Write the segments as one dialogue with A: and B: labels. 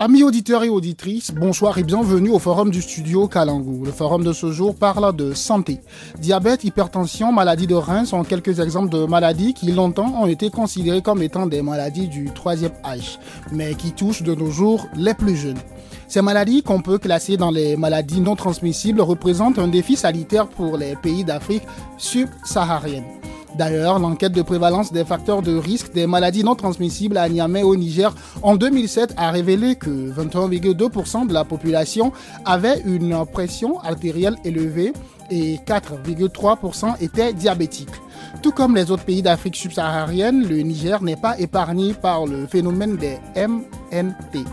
A: Amis auditeurs et auditrices, bonsoir et bienvenue au forum du studio Kalangu. Le forum de ce jour parle de santé. Diabète, hypertension, maladie de rein sont quelques exemples de maladies qui longtemps ont été considérées comme étant des maladies du troisième âge, mais qui touchent de nos jours les plus jeunes. Ces maladies, qu'on peut classer dans les maladies non transmissibles, représentent un défi sanitaire pour les pays d'Afrique subsaharienne. D'ailleurs, l'enquête de prévalence des facteurs de risque des maladies non transmissibles à Niamey au Niger en 2007 a révélé que 21,2% de la population avait une pression artérielle élevée et 4,3% étaient diabétiques. Tout comme les autres pays d'Afrique subsaharienne, le Niger n'est pas épargné par le phénomène des MNT.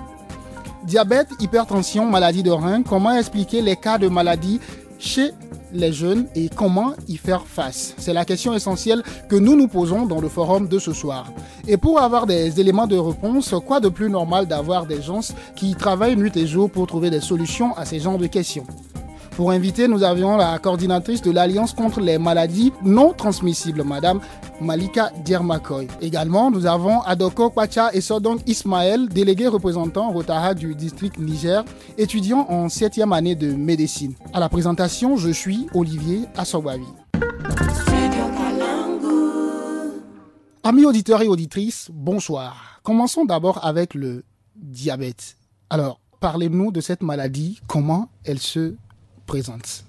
A: Diabète, hypertension, maladie de rein, comment expliquer les cas de maladies chez les jeunes et comment y faire face C'est la question essentielle que nous nous posons dans le forum de ce soir. Et pour avoir des éléments de réponse, quoi de plus normal d'avoir des gens qui travaillent nuit et jour pour trouver des solutions à ces genres de questions pour inviter, nous avions la coordinatrice de l'Alliance contre les maladies non transmissibles, Madame Malika Diermakoy. Également, nous avons Adoko Pacha et Sodong Ismaël, délégué représentant Rotaha du district Niger, étudiant en 7e année de médecine. À la présentation, je suis Olivier Assobavi. Amis auditeurs et auditrices, bonsoir. Commençons d'abord avec le diabète. Alors, parlez-nous de cette maladie, comment elle se présente.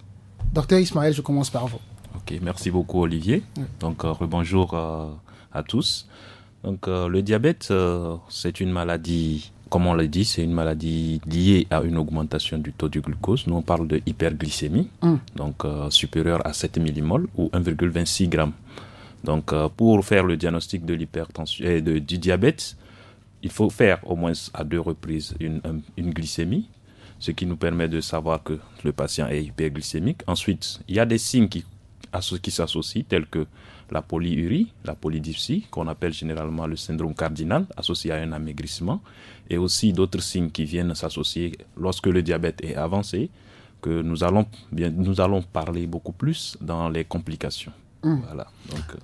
A: Docteur Ismaël, je commence par vous.
B: Ok, merci beaucoup Olivier. Donc euh, rebonjour euh, à tous. Donc euh, le diabète, c'est une maladie, comme on l'a dit, c'est une maladie liée à une augmentation du taux de glucose. Nous on parle de hyperglycémie, mm. donc supérieure à 7 millimoles ou 1,26 g. Donc pour faire le diagnostic de l'hypertension et du diabète, il faut faire au moins à deux reprises une glycémie ce qui nous permet de savoir que le patient est hyperglycémique. Ensuite, il y a des signes qui, qui s'associent, tels que la polyurie, la polydipsie, qu'on appelle généralement le syndrome cardinal, associé à un amaigrissement, et aussi d'autres signes qui viennent s'associer lorsque le diabète est avancé, que nous allons, bien, nous allons parler beaucoup plus dans les complications. Mmh. Voilà. Donc, euh,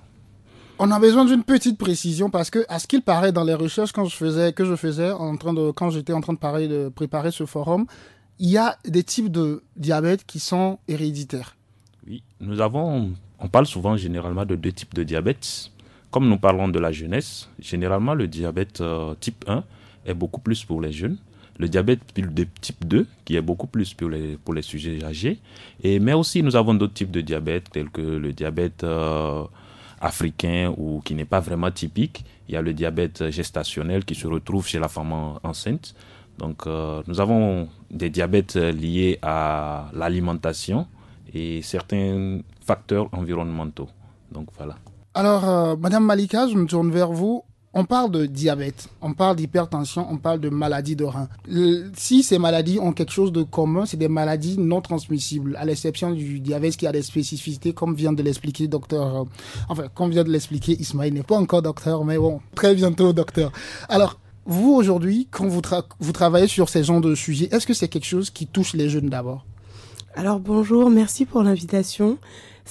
A: on a besoin d'une petite précision parce que, à ce qu'il paraît dans les recherches quand je faisais, que je faisais en train de, quand j'étais en train de, préparer ce forum, il y a des types de diabète qui sont héréditaires.
B: Oui, nous avons, on parle souvent généralement de deux types de diabète. Comme nous parlons de la jeunesse, généralement le diabète euh, type 1 est beaucoup plus pour les jeunes le diabète de type 2, qui est beaucoup plus pour les, pour les sujets âgés. Et, mais aussi, nous avons d'autres types de diabète, tels que le diabète euh, africain ou qui n'est pas vraiment typique. Il y a le diabète gestationnel qui se retrouve chez la femme enceinte. Donc euh, nous avons des diabètes liés à l'alimentation et certains facteurs environnementaux. Donc voilà.
A: Alors, euh, Madame Malika, je me tourne vers vous. On parle de diabète, on parle d'hypertension, on parle de maladies de rein. si ces maladies ont quelque chose de commun, c'est des maladies non transmissibles, à l'exception du diabète qui a des spécificités, comme vient de l'expliquer docteur, euh, enfin, comme vient de l'expliquer n'est pas encore docteur, mais bon, très bientôt docteur. Alors, vous aujourd'hui, quand vous, vous travaillez sur ces genres de sujets, est-ce que c'est quelque chose qui touche les jeunes d'abord
C: Alors bonjour, merci pour l'invitation.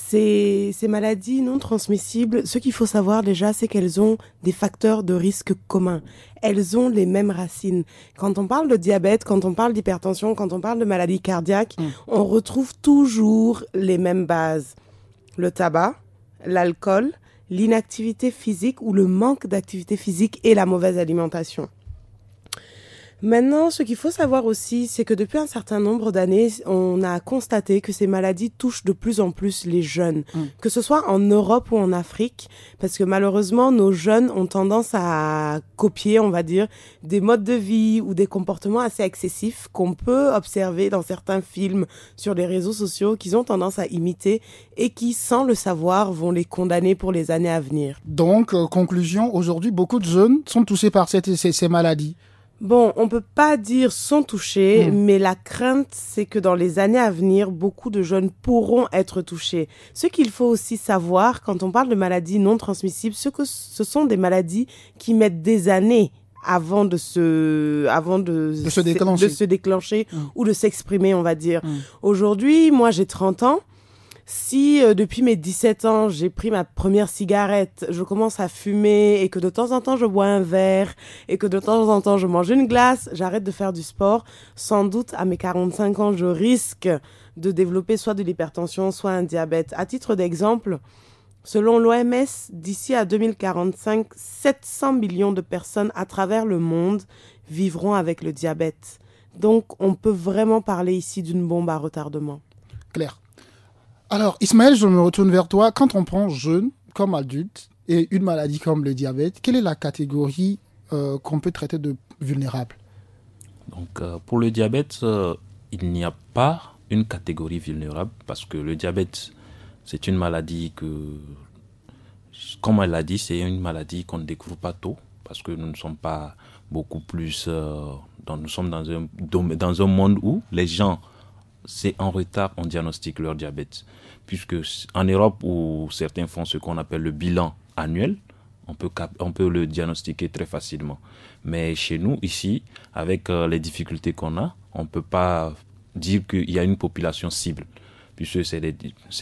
C: Ces, maladies non transmissibles, ce qu'il faut savoir déjà, c'est qu'elles ont des facteurs de risque communs. Elles ont les mêmes racines. Quand on parle de diabète, quand on parle d'hypertension, quand on parle de maladies cardiaques, mm. on retrouve toujours les mêmes bases. Le tabac, l'alcool, l'inactivité physique ou le manque d'activité physique et la mauvaise alimentation. Maintenant, ce qu'il faut savoir aussi, c'est que depuis un certain nombre d'années, on a constaté que ces maladies touchent de plus en plus les jeunes, mm. que ce soit en Europe ou en Afrique, parce que malheureusement, nos jeunes ont tendance à copier, on va dire, des modes de vie ou des comportements assez excessifs qu'on peut observer dans certains films sur les réseaux sociaux qu'ils ont tendance à imiter et qui, sans le savoir, vont les condamner pour les années à venir. Donc, euh, conclusion, aujourd'hui, beaucoup de jeunes sont touchés par cette, ces maladies. Bon, on ne peut pas dire sans toucher, hmm. mais la crainte, c'est que dans les années à venir, beaucoup de jeunes pourront être touchés. Ce qu'il faut aussi savoir quand on parle de maladies non transmissibles, ce que ce sont des maladies qui mettent des années avant de se avant de, se déclencher, hmm. ou de s'exprimer, on va dire. Hmm. Aujourd'hui, moi j'ai 30 ans si euh, depuis mes 17 ans, j'ai pris ma première cigarette, je commence à fumer et que de temps en temps je bois un verre et que de temps en temps je mange une glace, j'arrête de faire du sport, sans doute à mes 45 ans, je risque de développer soit de l'hypertension, soit un diabète. À titre d'exemple, selon l'OMS, d'ici à 2045, 700 millions de personnes à travers le monde vivront avec le diabète. Donc on peut vraiment parler ici d'une bombe à retardement.
A: Claire. Alors, Ismaël, je me retourne vers toi. Quand on prend jeune comme adulte et une maladie comme le diabète, quelle est la catégorie euh, qu'on peut traiter de vulnérable
B: Donc, euh, pour le diabète, euh, il n'y a pas une catégorie vulnérable parce que le diabète, c'est une maladie que, comme elle l'a dit, c'est une maladie qu'on ne découvre pas tôt parce que nous ne sommes pas beaucoup plus. nous sommes dans un, dans un monde où les gens c'est en retard on diagnostique leur diabète. Puisque en Europe, où certains font ce qu'on appelle le bilan annuel, on peut, on peut le diagnostiquer très facilement. Mais chez nous, ici, avec euh, les difficultés qu'on a, on ne peut pas dire qu'il y a une population cible. Puisque c'est des,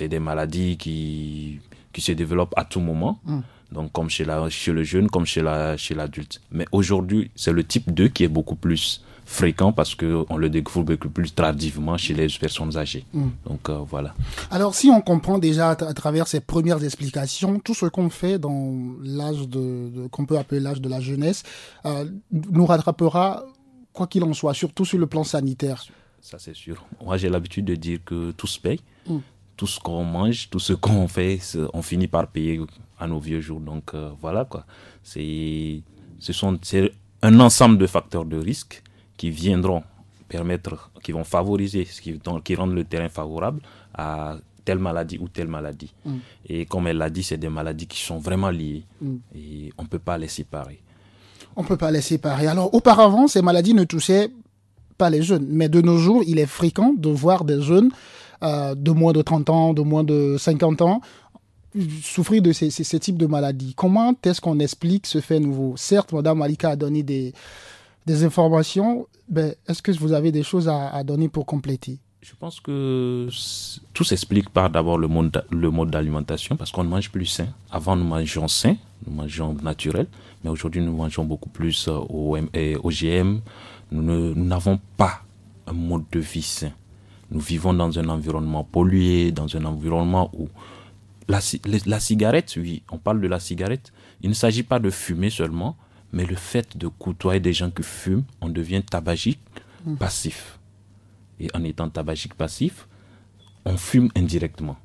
B: des, maladies qui, se développent à tout moment. Mm. Donc, comme chez, la, chez le jeune, comme chez l'adulte. Mais aujourd'hui, c'est le type 2 qui est beaucoup plus fréquent parce qu'on le découvre beaucoup plus tardivement chez les personnes âgées. Mm. Donc euh, voilà.
A: Alors si on comprend déjà à, travers ces premières explications, tout ce qu'on fait dans l'âge de, qu'on peut appeler l'âge de la jeunesse euh, nous rattrapera quoi qu'il en soit, surtout sur le plan sanitaire.
B: Ça c'est sûr. Moi j'ai l'habitude de dire que tout se paye. Mm. Tout ce qu'on mange, tout ce qu'on fait, on finit par payer à nos vieux jours. Donc euh, voilà quoi. C'est, ce sont, c'est un ensemble de facteurs de risque qui viendront permettre, qui vont favoriser, qui, qui rendent le terrain favorable à telle maladie ou telle maladie. Mm. Et comme elle l'a dit, c'est des maladies qui sont vraiment liées mm. et on ne peut pas les séparer.
A: On ne peut pas les séparer. Alors auparavant, ces maladies ne touchaient pas les jeunes, mais de nos jours, il est fréquent de voir des jeunes euh, de moins de 30 ans, de moins de 50 ans souffrir de ces, ces, types de maladies. Comment est-ce qu'on explique ce fait nouveau Certes, Madame Malika a donné des, des informations, ben, est-ce que vous avez des choses à, donner pour compléter je pense
B: que tout s'explique par d'abord le mode, le mode d'alimentation, parce qu'on mange plus sain. Avant, nous mangeons sain, nous mangeons naturel, mais aujourd'hui, nous mangeons beaucoup plus euh, OGM. Euh, nous n'avons pas un mode de vie sain. Nous vivons dans un environnement pollué, dans un environnement où la, la cigarette, oui, on parle de la cigarette, il ne s'agit pas de fumer seulement, mais le fait de côtoyer des gens qui fument, on devient tabagique mm. passif. Et en étant tabagique passif, on fume indirectement.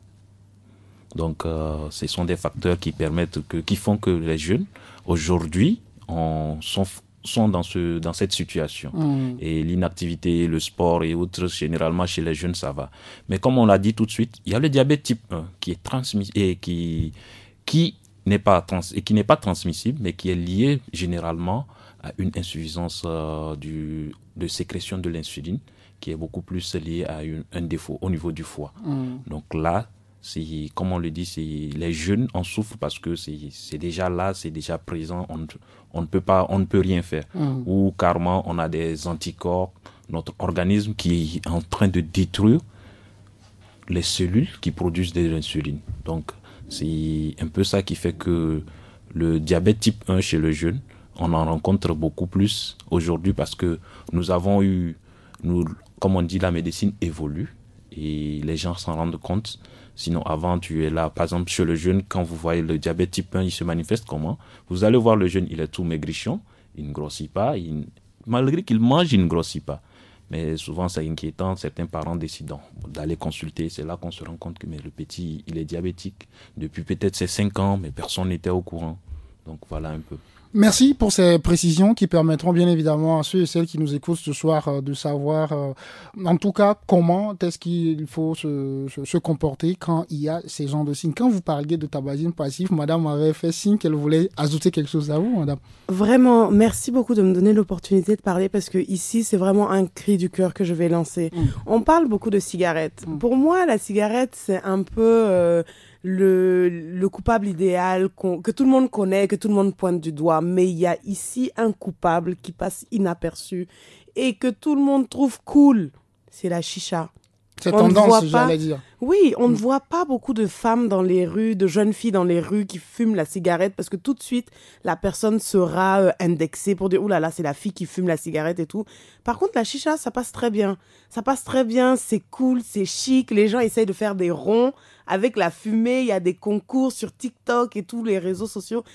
B: Donc, euh, ce sont des facteurs qui permettent que, qui font que les jeunes, aujourd'hui, sont, sont dans, ce, dans cette situation. Mm. Et l'inactivité, le sport et autres, généralement, chez les jeunes, ça va. Mais comme on l'a dit tout de suite, il y a le diabète type 1 qui est transmis et qui, qui n'est pas trans et qui n'est pas transmissible, mais qui est lié généralement à une insuffisance euh, du, de sécrétion de l'insuline, qui est beaucoup plus liée à un défaut au niveau du foie. Mm. Donc là, comme on le dit, les jeunes en souffrent parce que c'est déjà là, c'est déjà présent, on, ne peut pas, on ne peut rien faire. Mm. Ou carrément, on a des anticorps, notre organisme qui est en train de détruire les cellules qui produisent de l'insuline. Donc, c'est un peu ça qui fait que le diabète type 1 chez le jeune, on en rencontre beaucoup plus aujourd'hui parce que nous avons eu, nous, comme on dit, la médecine évolue et les gens s'en rendent compte. Sinon, avant, tu es là, par exemple, chez le jeune, quand vous voyez le diabète type 1, il se manifeste comment Vous allez voir le jeune, il est tout maigrichon, il ne grossit pas, malgré qu'il mange, il ne grossit pas. Mais souvent, c'est inquiétant. Certains parents décident d'aller consulter. C'est là qu'on se rend compte que mais le petit, il est diabétique depuis peut-être ses cinq ans, mais personne n'était au courant. Donc voilà un peu.
A: Merci pour ces précisions qui permettront bien évidemment à ceux et celles qui nous écoutent ce soir euh, de savoir euh, en tout cas comment est-ce qu'il faut se, se, comporter quand il y a ces genres de signes. Quand vous parliez de tabagisme passif,
C: madame avait fait signe qu'elle voulait ajouter quelque chose à vous, madame. Vraiment, merci beaucoup de me donner l'opportunité de parler parce que ici c'est vraiment un cri du cœur que je vais lancer. Mmh. On parle beaucoup de cigarettes. Mmh. Pour moi, la cigarette c'est un peu... Euh, le, le coupable idéal que tout le monde connaît, que tout le monde pointe du doigt, mais il y a ici un coupable qui passe inaperçu et que tout le monde trouve cool, c'est la chicha. C'est tendance, j'allais dire. Oui, on ne mm. voit pas beaucoup de femmes dans les rues, de jeunes filles dans les rues qui fument la cigarette parce que tout de suite, la personne sera euh, indexée pour dire « oh là là, c'est la fille qui fume la cigarette et tout ». Par contre, la chicha, ça passe très bien. Ça passe très bien, c'est cool, c'est chic, les gens essayent de faire des ronds avec la fumée, il y a des concours sur TikTok et tous les réseaux sociaux.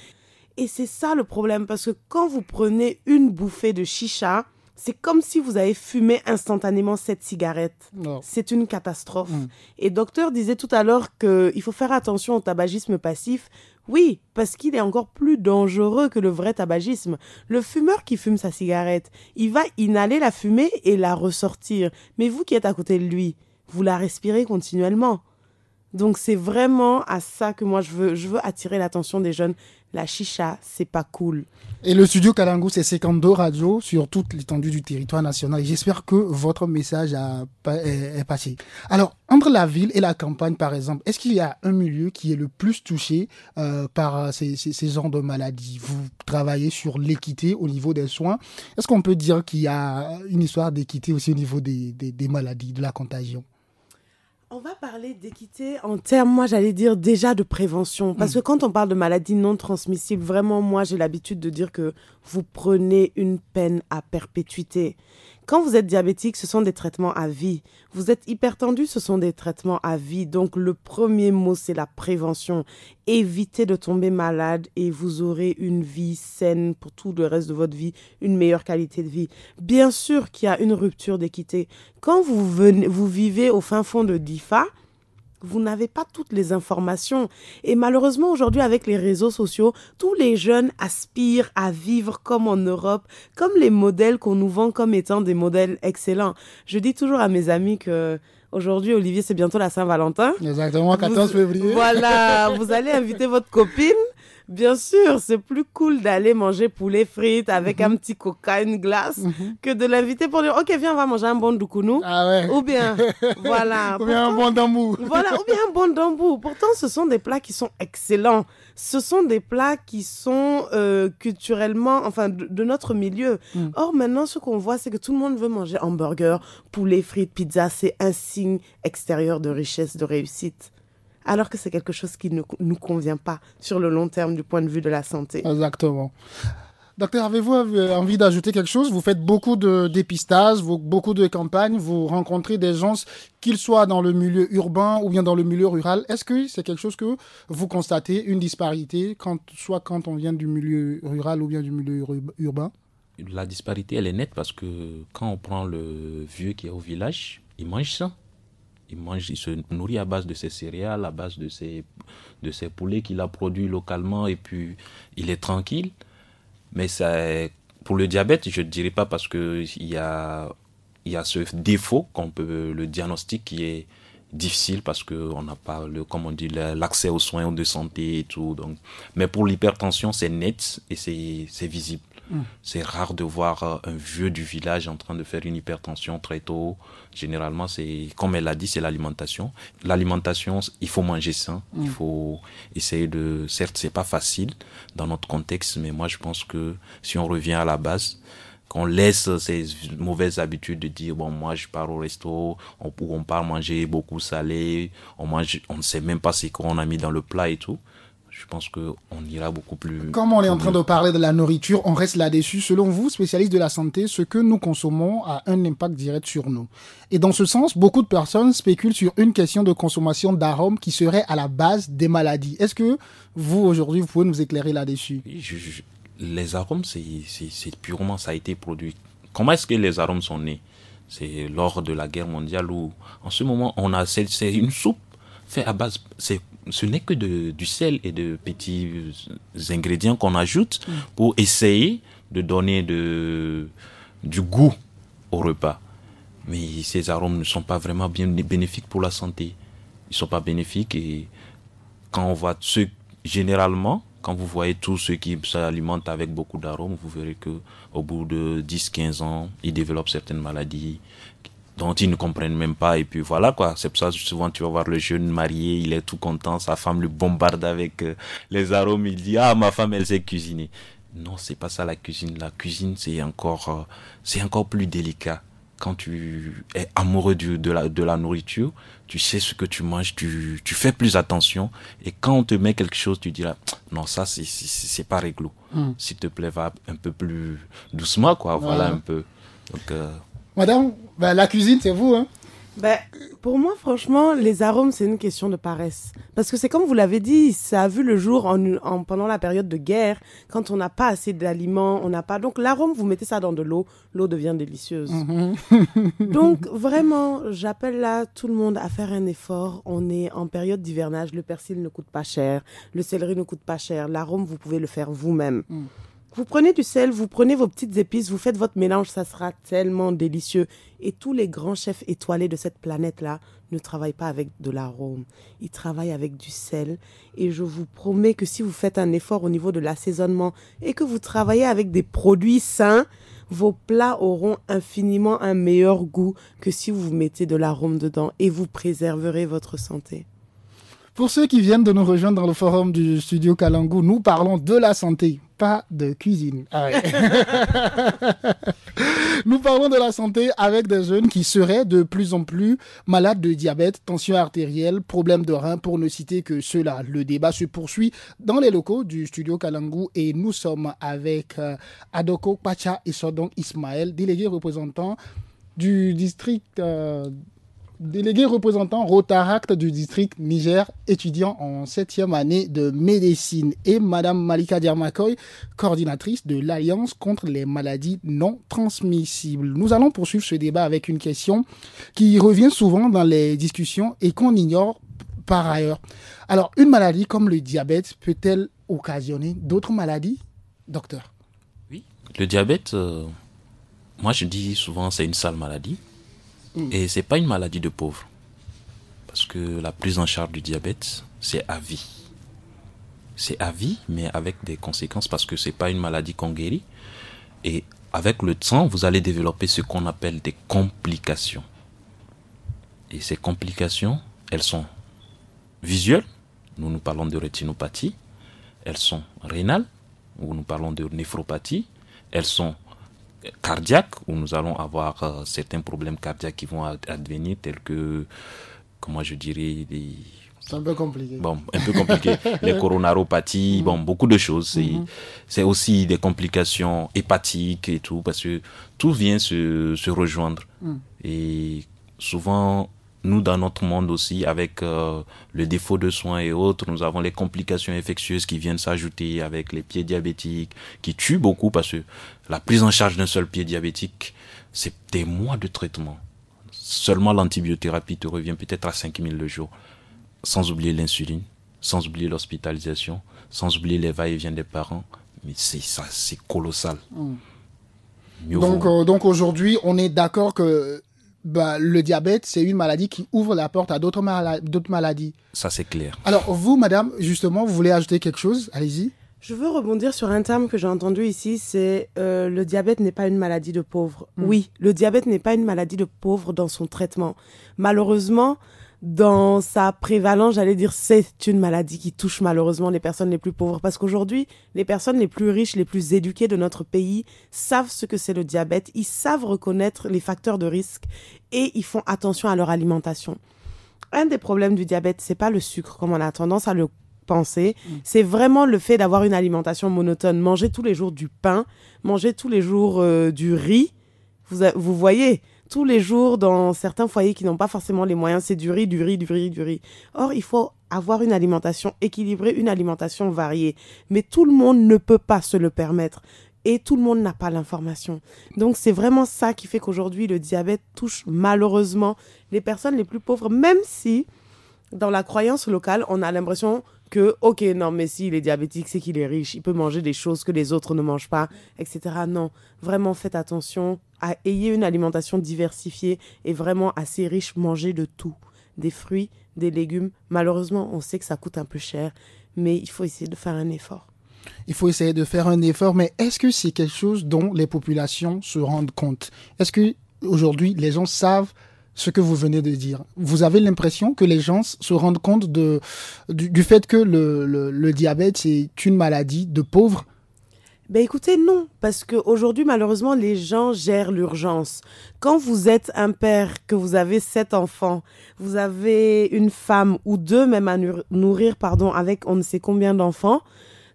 C: Et c'est ça le problème, parce que quand vous prenez une bouffée de chicha, c'est comme si vous avez fumé instantanément cette cigarette. C'est une catastrophe. Mm. Et docteur disait tout à l'heure qu'il faut faire attention au tabagisme passif. Oui, parce qu'il est encore plus dangereux que le vrai tabagisme. Le fumeur qui fume sa cigarette, il va inhaler la fumée et la ressortir. Mais vous qui êtes à côté de lui, vous la respirez continuellement. Donc c'est vraiment à ça que moi je veux, attirer l'attention des jeunes. La chicha, c'est pas cool.
A: Et le studio Kalangu, c'est 52 Radio sur toute l'étendue du territoire national. J'espère que votre message a, est, passé. Alors, entre la ville et la campagne, par exemple, est-ce qu'il y a un milieu qui est le plus touché euh, par ces, ces, genres de maladies Vous travaillez sur l'équité au niveau des soins. Est-ce qu'on peut dire qu'il y a une histoire d'équité aussi au niveau des maladies, de la contagion
C: on va parler d'équité en termes, moi j'allais dire déjà de prévention, parce que mm. quand on parle de maladies non transmissibles, vraiment moi j'ai l'habitude de dire que vous prenez une peine à perpétuité. Quand vous êtes diabétique, ce sont des traitements à vie. Vous êtes hypertendu, ce sont des traitements à vie. Donc le premier mot, c'est la prévention. Évitez de tomber malade et vous aurez une vie saine pour tout le reste de votre vie, une meilleure qualité de vie. Bien sûr qu'il y a une rupture d'équité. Quand vous, venez, vous vivez au fin fond de DIFA, vous n'avez pas toutes les informations. Et malheureusement, aujourd'hui, avec les réseaux sociaux, tous les jeunes aspirent à vivre comme en Europe, comme les modèles qu'on nous vend comme étant des modèles excellents. Je dis toujours à mes amis que Aujourd'hui, Olivier, c'est bientôt la Saint-Valentin. Exactement, 14 février. voilà, vous allez inviter votre copine Bien sûr, c'est plus cool d'aller manger poulet frites avec un mhm. petit coca, glace, mhm. que de l'inviter pour dire Ok, viens, on va manger un bon doukounou. Ah ou bien, voilà. ou bien un bon dambou. voilà, ou bien un bon dambou. Pourtant, ce sont des plats qui sont excellents. Ce sont des plats qui sont euh, culturellement, enfin, de, notre milieu. Mm. Or, maintenant, ce qu'on voit, c'est que tout le monde veut manger hamburger, poulet frites, pizza. C'est un signe extérieur de richesse, de réussite alors que c'est quelque chose qui ne nous convient pas sur le long terme du point de vue de la santé. Exactement. Docteur, avez-vous euh, envie d'ajouter quelque chose
A: Vous faites beaucoup de dépistages, beaucoup de campagnes, vous rencontrez des gens, qu'ils soient dans le milieu urbain ou bien dans le milieu rural. Est-ce que c'est quelque chose que vous constatez, une disparité, quand, soit quand on vient du milieu rural ou bien du milieu urbain
B: La disparité, elle est nette parce que quand on prend le vieux qui est au village, il mange ça il mange, il se nourrit à base de ses céréales, à base de ses, de ses poulets qu'il a produits localement, et puis il est tranquille. Mais ça, pour le diabète, je ne dirais pas parce qu'il y a, y a ce défaut, qu'on peut, le diagnostic qui est difficile parce qu'on n'a pas, le, comme dit, l'accès aux soins de santé et tout. Donc. Mais pour l'hypertension, c'est net et c'est visible. C'est rare de voir euh, un vieux du village en train de faire une hypertension très tôt. Généralement, c'est, comme elle l'a dit, c'est l'alimentation. L'alimentation, il faut manger sain. Il mm. faut essayer de, certes, c'est pas facile dans notre contexte, mais moi, je pense que si on revient à la base, qu'on laisse ces mauvaises habitudes de dire bon moi je pars au resto on, on part manger beaucoup salé on mange on ne sait même pas ce qu'on a mis dans le plat et tout je pense qu'on ira beaucoup plus. Comme on est en train de
A: parler de la nourriture, on reste là-dessus. Selon vous, spécialiste de la santé, ce que nous consommons a un impact direct sur nous. Et dans ce sens, beaucoup de personnes spéculent sur une question de consommation d'arômes qui serait à la base des maladies. Est-ce que vous, aujourd'hui, vous pouvez nous éclairer là-dessus
B: Les arômes, c'est purement, ça a été produit. Comment est-ce que les arômes sont nés C'est lors de la guerre mondiale où, en ce moment, on a c'est une soupe faite à base, c'est ce n'est que de, du sel et de petits ingrédients qu'on ajoute mm. pour essayer de donner du goût au repas. Mais ces arômes ne sont pas vraiment bien bénéfiques pour la santé. Ils ne sont pas bénéfiques et quand on voit ceux, généralement, quand vous voyez tous ceux qui s'alimentent avec beaucoup d'arômes, vous verrez que au bout de 10-15 ans, ils développent certaines maladies dont ils ne comprennent même pas. Et puis voilà quoi, c'est pour ça souvent tu vas voir le jeune marié, il est tout content, sa femme le bombarde avec euh, les arômes, il dit ah ma femme elle sait cuisiner. Non, c'est pas ça la cuisine. La cuisine c'est encore euh, c'est encore plus délicat. Quand tu es amoureux de, la, de la nourriture, tu sais ce que tu manges, tu, fais plus attention. Et quand on te met quelque chose, tu diras, non, ça, c'est pas réglo. Hmm. S'il te plaît, va un peu plus doucement, quoi. Voilà un peu. Donc, euh,
C: Madame, ben, la cuisine, c'est vous. Hein ben, pour moi, franchement, les arômes, c'est une question de paresse. Parce que c'est comme vous l'avez dit, ça a vu le jour en, pendant la période de guerre, quand on n'a pas assez d'aliments, on n'a pas. Donc, l'arôme, vous mettez ça dans de l'eau, l'eau devient délicieuse. Mm-hmm. Donc, vraiment, j'appelle là tout le monde à faire un effort. On est en période d'hivernage, le persil ne coûte pas cher, le céleri ne coûte pas cher, l'arôme, vous pouvez le faire vous-même. Mm. Vous prenez du sel, vous prenez vos petites épices, vous faites votre mélange, ça sera tellement délicieux. Et tous les grands chefs étoilés de cette planète-là ne travaillent pas avec de l'arôme, ils travaillent avec du sel. Et je vous promets que si vous faites un effort au niveau de l'assaisonnement et que vous travaillez avec des produits sains, vos plats auront infiniment un meilleur goût que si vous mettez de l'arôme dedans et vous préserverez votre santé.
A: Pour ceux qui viennent de nous rejoindre dans le forum du studio Kalangu, nous parlons de la santé pas de cuisine. Nous parlons de la santé avec des jeunes qui seraient de plus en plus malades de diabète, tension artérielle, problèmes de rein, pour ne citer que cela. Le débat se poursuit dans les locaux du studio Kalangu et nous sommes avec euh, Adoko Pacha et Sodon Ismaël, délégué représentants du district. Euh, délégué représentant Rotaract du district Niger, étudiant en 7 année de médecine, et Madame Malika Diarmakoy, coordinatrice de l'Alliance contre les maladies non transmissibles. Nous allons poursuivre ce débat avec une question qui revient souvent dans les discussions et qu'on ignore par ailleurs. Alors, une maladie comme le diabète peut-elle occasionner d'autres maladies, docteur
B: Oui, le diabète, euh, moi je dis souvent c'est une sale maladie Mm. Et ce n'est pas une maladie de pauvre. Parce que la prise en charge du diabète, c'est à vie. C'est à vie, mais avec des conséquences parce que ce n'est pas une maladie qu'on guérit. Et avec le temps, vous allez développer ce qu'on appelle des complications. Et ces complications, elles sont visuelles, nous nous parlons de rétinopathie, elles sont rénales, où nous parlons de néphropathie, elles sont cardiaque, où nous allons avoir euh, certains problèmes cardiaques qui vont advenir, tels que, comment je dirais, des...
A: C'est un peu compliqué. Bon, un peu compliqué. les
B: coronaropathies, mm-hmm. bon, beaucoup de choses. Mm-hmm. C'est aussi des complications hépatiques et tout, parce que tout vient se, rejoindre. Mm. Et souvent, nous, dans notre monde aussi, avec euh, le défaut de soins et autres, nous avons les complications infectieuses qui viennent s'ajouter avec les pieds diabétiques, qui tuent beaucoup parce que la prise en charge d'un seul pied diabétique, c'est des mois de traitement. Seulement l'antibiothérapie te revient peut-être à 5000 le jour, sans oublier l'insuline, sans oublier l'hospitalisation, sans oublier les va-et-vient des parents. Mais c'est ça, c'est colossal. Mm. Donc,
A: euh, donc aujourd'hui, on est d'accord que bah, le diabète, c'est une maladie qui ouvre la porte à d'autres maladies.
B: Ça, c'est clair.
A: Alors, vous, madame, justement, vous voulez ajouter quelque chose
C: Allez-y. Je veux rebondir sur un terme que j'ai entendu ici, c'est euh, le diabète n'est pas une maladie de pauvre. Hmm. Oui, le diabète n'est pas une maladie de pauvre dans son traitement. Malheureusement, dans sa prévalence, j'allais dire, c'est une maladie qui touche malheureusement les personnes les plus pauvres. Parce qu'aujourd'hui, les personnes les plus riches, les plus éduquées de notre pays savent ce que c'est le diabète, ils savent reconnaître les facteurs de risque et ils font attention à leur alimentation. Un des problèmes du diabète, c'est pas le sucre, comme on a tendance à le penser, mm. c'est vraiment le fait d'avoir une alimentation monotone. Manger tous les jours du pain, manger tous les jours euh, du riz, vous voyez, tous les jours dans certains foyers qui n'ont pas forcément les moyens. C'est du riz, du riz, du riz, du riz. Or, il faut avoir une alimentation équilibrée, une alimentation variée. Mais tout le monde ne peut pas se le permettre et tout le monde n'a pas l'information. Donc c'est vraiment ça qui fait qu'aujourd'hui le diabète touche malheureusement les personnes les plus pauvres, même si dans la croyance locale on a l'impression que, ok, non, mais s'il il est diabétique, c'est qu'il est riche, il peut manger des choses que les autres ne mangent pas, etc. Non, vraiment faites attention à ayez une alimentation diversifiée et vraiment assez riche, mangez de tout. Des fruits, des légumes. Malheureusement, on sait que ça coûte un peu cher, mais il faut essayer de faire un effort.
A: Il faut essayer de faire un effort, mais est-ce que c'est quelque chose dont les populations se rendent compte Est-ce que aujourd'hui les gens savent ce que vous venez de dire. Vous avez l'impression que les gens se rendent compte de, du, fait que le, le, diabète, c'est
C: une maladie de pauvres ben écoutez, non, parce qu'aujourd'hui, malheureusement, les gens gèrent l'urgence. Quand vous êtes un père, que vous avez sept enfants, vous avez une femme ou deux même à nourrir, pardon, avec on ne sait combien d'enfants,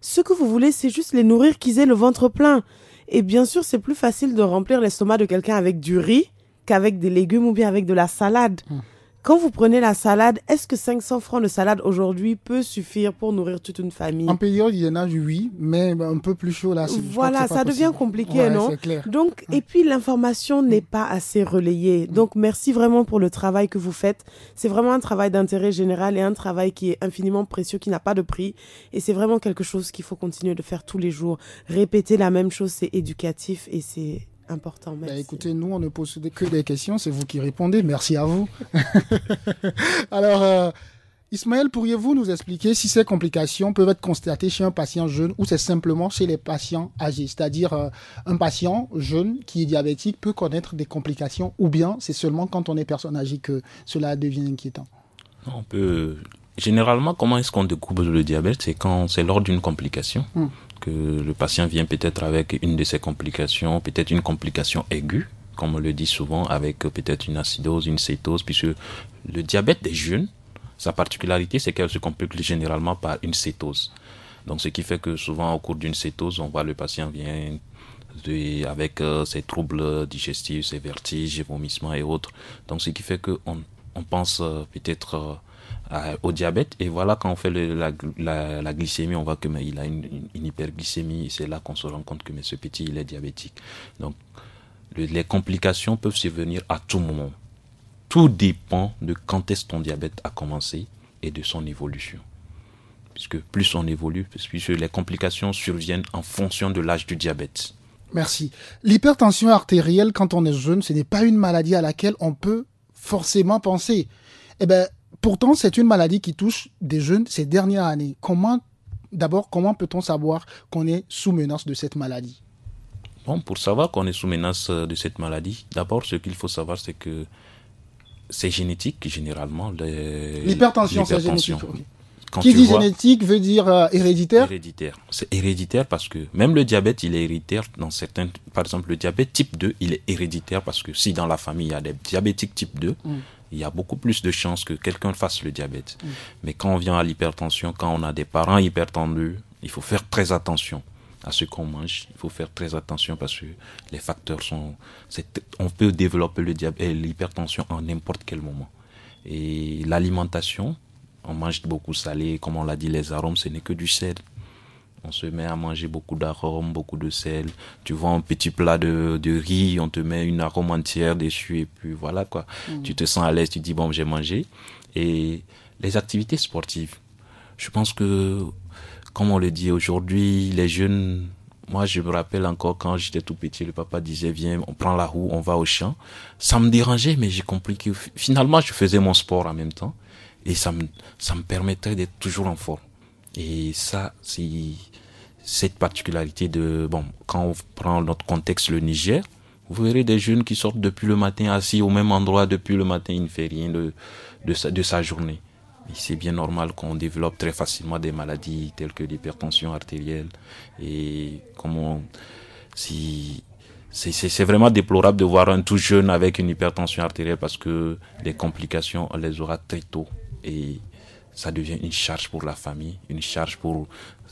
C: ce que vous voulez, c'est juste les nourrir qu'ils aient le ventre plein. Et bien sûr, c'est plus facile de remplir l'estomac de quelqu'un avec du riz avec des légumes ou bien avec de la salade. Hmm. Quand vous prenez la salade, est-ce que 500 francs de salade aujourd'hui peut suffire pour nourrir toute une famille En période hivernale, oui, mais un peu plus chaud là. Voilà, ça devient compliqué, non clair. Donc, hmm. et puis l'information hmm. n'est pas assez relayée. Donc, merci vraiment pour le travail que vous faites. C'est vraiment un travail d'intérêt général et un travail qui est infiniment précieux, qui n'a pas de prix. Et c'est vraiment quelque chose qu'il faut continuer de faire tous les jours. Répéter la même chose, c'est éducatif et c'est important. Bah, écoutez, nous, on ne pose que des questions, c'est vous qui répondez. Merci à vous.
A: Alors, euh, Ismaël, pourriez-vous nous expliquer si ces complications peuvent être constatées chez un patient jeune ou c'est simplement chez les patients âgés C'est-à-dire, euh, un patient jeune qui est diabétique peut connaître des complications ou bien c'est seulement quand on est personne âgée que cela devient inquiétant
B: On peut généralement, comment est-ce qu'on découvre le diabète C'est quand c'est lors d'une complication. Hmm que le patient vient peut-être avec une de ses complications, peut-être une complication aiguë, comme on le dit souvent, avec peut-être une acidose, une cétose, puisque le diabète des jeunes, sa particularité, c'est qu'elle se complique généralement par une cétose. Donc, ce qui fait que souvent, au cours d'une cétose, on voit le patient vient avec euh, ses troubles digestifs, ses vertiges, vomissements et autres. Donc, ce qui fait qu'on on pense euh, peut-être euh, euh, au diabète. Et voilà, quand on fait la, glycémie, on voit que il a une, hyperglycémie, hyperglycémie. C'est là qu'on se rend compte que mais ce petit, il est diabétique. Donc, les complications peuvent survenir à tout moment. Tout dépend de quand est-ce ton diabète a commencé et de son évolution. Puisque plus on évolue, puisque les complications surviennent en fonction de l'âge du diabète.
A: Merci. L'hypertension artérielle, quand on est jeune, ce n'est pas une maladie à laquelle on peut forcément penser. Eh bien, Pourtant, c'est une maladie qui touche des jeunes ces dernières années. Comment, d'abord, comment peut-on savoir qu'on est sous menace de cette maladie
B: Bon, pour savoir qu'on est sous menace euh, de cette maladie, d'abord, ce qu'il faut savoir, c'est que c'est génétique, généralement. L'hypertension, c'est génétique. Quand qui dit génétique
A: veut dire euh, héréditaire
B: Héréditaire. C'est héréditaire parce que même le diabète, il est héréditaire dans certains. Par exemple, le diabète type 2, il est héréditaire parce que si dans la famille il y a des diabétiques type 2, il y a beaucoup plus de chances que quelqu'un fasse le diabète. Mm. Mais quand on vient à l'hypertension, quand on a des parents hypertendus, il faut faire très attention à ce qu'on mange. Il faut faire très attention parce que les facteurs sont... On peut développer euh, l'hypertension en n'importe quel moment. Et l'alimentation, on mange beaucoup salé, comme on l'a dit, les arômes, ce n'est que du sel, on se met à manger beaucoup d'arômes, beaucoup de sel. Tu vois un petit plat de, de, riz, on te met une arôme entière dessus et puis voilà quoi. Mm. Tu te sens à l'aise, tu dis bon, j'ai mangé. Et les activités sportives. Je pense que, comme on le dit aujourd'hui, les jeunes moi, je me rappelle encore quand j'étais tout petit, le papa disait, viens, on prend la roue, on va au champ. Ça me dérangeait, mais j'ai compris que finalement, je faisais mon sport en même temps. Et ça me, ça me permettait d'être toujours en forme. Et ça, c'est, cette particularité de, bon, quand on prend notre contexte, le Niger, vous verrez des jeunes qui sortent depuis le matin assis au même endroit depuis le matin, il ne fait rien de, de, sa, journée. C'est bien normal qu'on développe très facilement des maladies telles que l'hypertension artérielle et comment si c'est vraiment déplorable de voir un tout jeune avec une hypertension artérielle parce que les complications on les aura très tôt et ça devient une charge pour la famille, une charge pour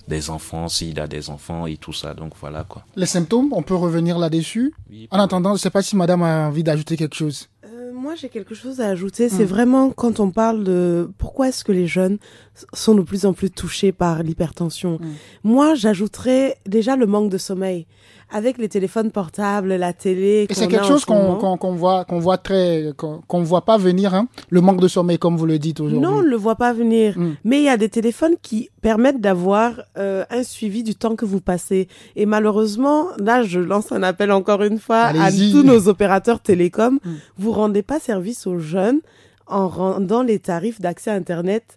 B: des enfants, s'il a des enfants et tout ça. Donc voilà quoi.
A: Les symptômes, on peut revenir là-dessus. en attendant, je ne
C: sais pas si madame a envie d'ajouter quelque chose. Euh, moi, j'ai quelque chose à ajouter. C'est hmm. vraiment quand on parle de pourquoi est-ce que les jeunes sont de plus en plus touchés par l'hypertension. Hmm. Moi, j'ajouterais déjà le manque de sommeil avec les téléphones portables, la télé. Et c'est quelque chose qu'on
A: qu'on voit, qu'on voit très, qu'on voit pas venir, hein. le manque de sommeil, comme vous le dites aujourd'hui. Non, on le
C: voit pas venir. Hmm. Mais il y a des téléphones qui permettent d'avoir euh, un suivi du temps que vous passez. Et malheureusement, là, je lance un appel encore une fois à tous nos opérateurs télécoms. Hmm. Vous rendez pas service aux jeunes en rendant les tarifs d'accès à Internet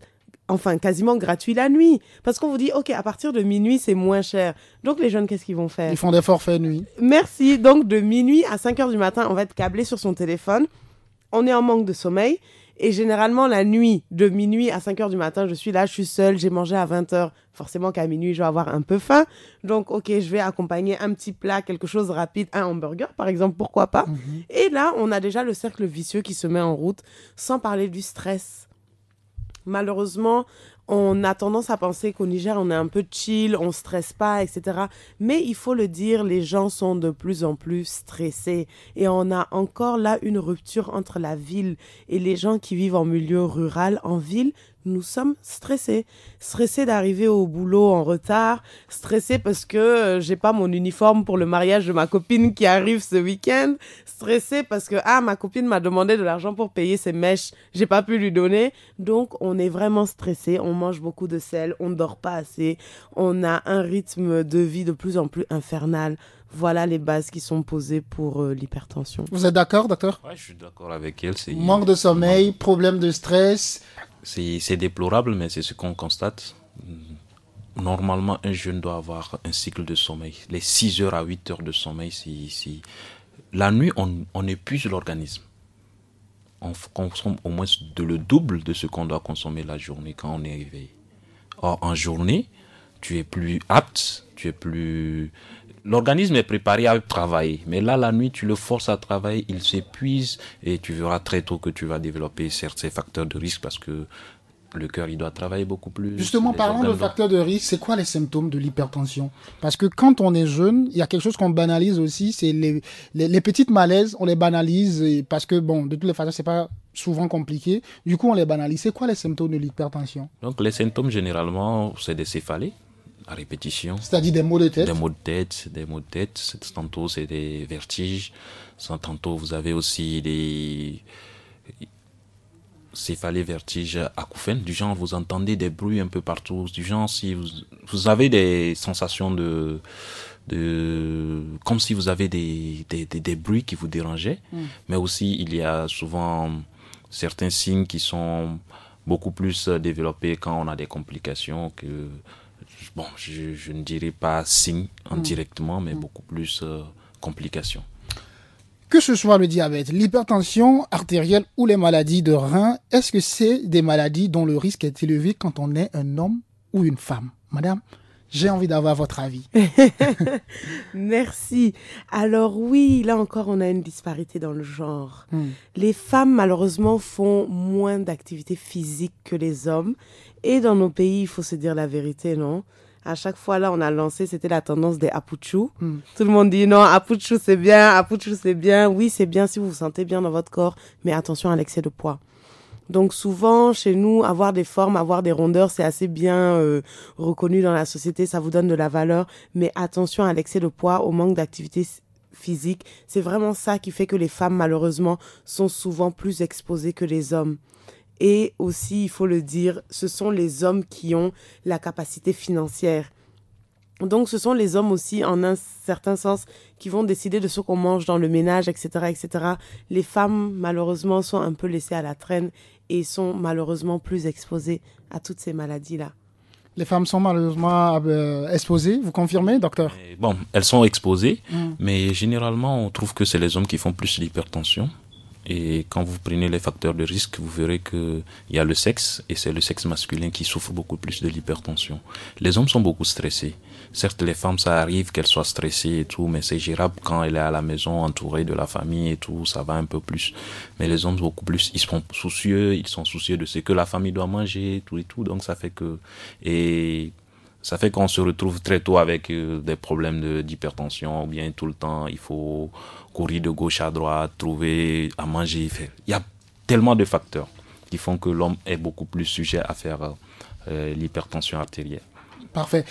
C: enfin quasiment gratuit la nuit. Parce qu'on vous dit, OK, à partir de minuit, c'est moins cher. Donc les jeunes, qu'est-ce qu'ils vont faire Ils font des forfaits nuit. Merci. Donc de minuit à 5 heures du matin, on va être câblé sur son téléphone. On est en manque de sommeil. Et généralement, la nuit, de minuit à 5 heures du matin, je suis là, je suis seule, j'ai mangé à 20 heures. Forcément qu'à minuit, je vais avoir un peu faim. Donc, ok, je vais accompagner un petit plat, quelque chose rapide, un hamburger, par exemple, pourquoi pas. Mhm. Et là, on a déjà le cercle vicieux qui se met en route, sans parler du stress malheureusement, on a tendance à penser qu'au Niger, on est un peu chill, on ne stresse pas, etc. Mais il faut le dire, les gens sont de plus en plus stressés. Et on a encore là une rupture entre la ville et les gens qui vivent en milieu rural, en ville, nous sommes stressés. Stressés d'arriver au boulot en retard, stressés parce que euh, j'ai pas mon uniforme pour le mariage de ma copine qui arrive ce week-end, stressés parce que, ah, ma copine m'a demandé de l'argent pour payer ses mèches, j'ai pas pu lui donner. Donc, on est vraiment stressés. on mange beaucoup de sel, on ne dort pas assez, on a un rythme de vie de plus en plus infernal. Voilà les bases qui sont posées pour euh, l'hypertension. Vous êtes d'accord, docteur
A: Ouais, je suis d'accord avec elle. Manque de sommeil,
C: problème de stress,
B: c'est déplorable, mais c'est ce qu'on constate. Normalement, un jeune doit avoir un cycle de sommeil. Les 6 heures à 8 heures de sommeil, si, La nuit, on, on épuise l'organisme. On consomme au moins de le double de ce qu'on doit consommer la journée quand on est réveillé. Or, en journée, tu es plus apte, tu es plus L'organisme est préparé à travailler, mais là, la nuit, tu le forces à travailler, il s'épuise et tu verras très tôt que tu vas développer certains facteurs de risque parce que le cœur, il doit travailler beaucoup plus. Justement, parlant de facteurs
A: de risque, c'est quoi les symptômes de l'hypertension Parce que quand on est jeune, il y a quelque chose qu'on banalise aussi, c'est les, petites malaises, on les banalise parce que, bon, de toutes les façons, c'est pas souvent compliqué. Du coup, on les banalise. C'est quoi les symptômes de l'hypertension
B: Donc, les symptômes, généralement, c'est des céphalées à répétition. C'est-à-dire des mots de tête Des mots de tête, des maux de tête. Tantôt c'est des vertiges, tantôt vous avez aussi des céphalées vertiges acouphènes. du genre vous entendez des bruits un peu partout, du genre si vous, vous avez des sensations de, de comme si vous avez des, des, des, bruits qui vous dérangeaient, mm. mais aussi il y a souvent certains signes qui sont beaucoup plus développés quand on a des complications que bon, je, ne dirais pas signe indirectement, hein, hmm. mais hmm. beaucoup plus euh, complication. complications.
A: Que ce soit le diabète, l'hypertension artérielle ou les maladies de rein, est-ce que c'est des maladies dont le risque est élevé quand on est un homme ou une femme Madame j'ai envie d'avoir votre avis.
C: Merci. Alors oui, là encore, on a une disparité dans le genre. Hmm. Les femmes, malheureusement, font moins d'activités physiques que les hommes. Et dans nos pays, il faut se dire la vérité, non à chaque fois, là, on a lancé, c'était la tendance des apoutchou. Hmm. Tout le monde dit non, apoutchou, c'est bien, apoutchou, c'est bien. Oui, c'est bien si vous vous sentez bien dans votre corps, mais attention à l'excès de poids. Donc souvent, chez nous, avoir des formes, avoir des rondeurs, c'est assez bien euh, reconnu dans la société, ça vous donne de la valeur. Mais attention à l'excès de poids, au manque d'activité physique. C'est vraiment ça qui fait que les femmes, malheureusement, sont souvent plus exposées que les hommes. Et aussi, il faut le dire, ce sont les hommes qui ont la capacité financière. Donc, ce sont les hommes aussi, en un certain sens, qui vont décider de ce qu'on mange dans le ménage, etc., etc. Les femmes, malheureusement, sont un peu laissées à la traîne et sont malheureusement plus exposées à toutes ces maladies-là.
A: Les femmes sont malheureusement euh, exposées, vous confirmez, docteur
B: Bon, elles sont exposées, mm. mais généralement, on trouve que c'est les hommes qui font plus d'hypertension. Et quand vous prenez les facteurs de risque, vous verrez qu'il y a le sexe, et c'est le sexe masculin qui souffre beaucoup plus de l'hypertension. Les hommes sont beaucoup stressés. Certes, les femmes, ça arrive qu'elles soient stressées et tout, mais c'est gérable quand elle est à la maison, entourée de la famille et tout, ça va un peu plus. Mais les hommes, beaucoup plus, ils sont soucieux, ils sont soucieux de ce que la famille doit manger, tout et tout. Donc, ça fait que, et ça fait qu'on se retrouve très tôt avec euh, des problèmes d'hypertension, ou bien tout le temps, il faut courir de gauche à droite, trouver à manger. Il y a tellement de facteurs qui font que l'homme est beaucoup plus sujet à faire euh, l'hypertension artérielle.
A: Parfait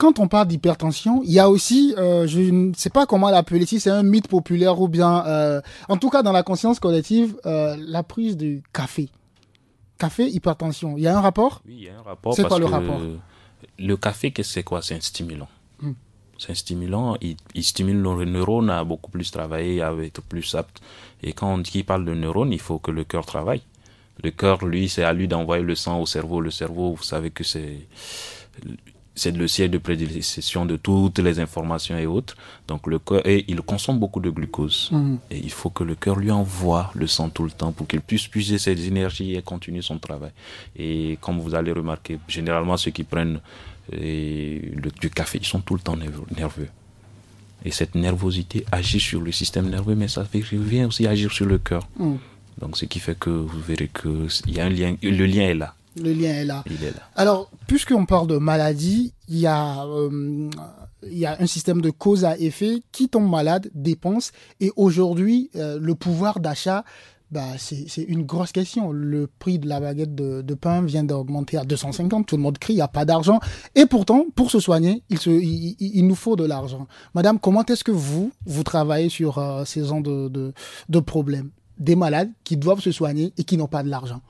A: quand on parle d'hypertension, il y a aussi, euh, je ne sais pas comment l'appeler, si c'est un mythe populaire ou bien, euh, en tout cas dans la conscience collective, euh, la prise du café. Café, hypertension. Il y a un rapport
B: Oui, il y a un rapport. C'est quoi le rapport Le café, c'est quoi C'est un stimulant. Hmm. C'est un stimulant, il, stimule nos neurones à beaucoup plus travailler, à être plus apte. Et quand on dit qu'il parle de neurones, il faut que le cœur travaille. Le cœur, lui, c'est à lui d'envoyer le sang au cerveau. Le cerveau, vous savez que c'est c'est le siège de prédilection de toutes les informations et autres. Donc le cœur, et il consomme beaucoup de glucose. Mm. Et il faut que le cœur lui envoie le sang tout le temps pour qu'il puisse puiser ses énergies et continuer son travail. Et comme vous allez remarquer, généralement ceux qui prennent eh, du café, ils sont tout le temps nerveux. Et cette nervosité agit sur le système nerveux, mais ça vient aussi agir sur le cœur. Mm. Donc ce qui fait que vous verrez que y a un lien, le lien est là.
A: Le lien est là. Alors, puisqu'on parle de maladie, il y a euh, il un système de cause à effet. Qui tombe malade dépense. Et aujourd'hui, euh, le pouvoir d'achat, bah, c'est une grosse question. Le prix de la baguette de, pain vient d'augmenter à 250. Tout le monde crie, il n'y a pas d'argent. Et pourtant, pour se soigner, il, se, il, nous faut de l'argent. Madame, comment est-ce que vous, vous travaillez sur euh, ces ans de, de problèmes Des malades qui doivent se soigner et qui n'ont pas de l'argent.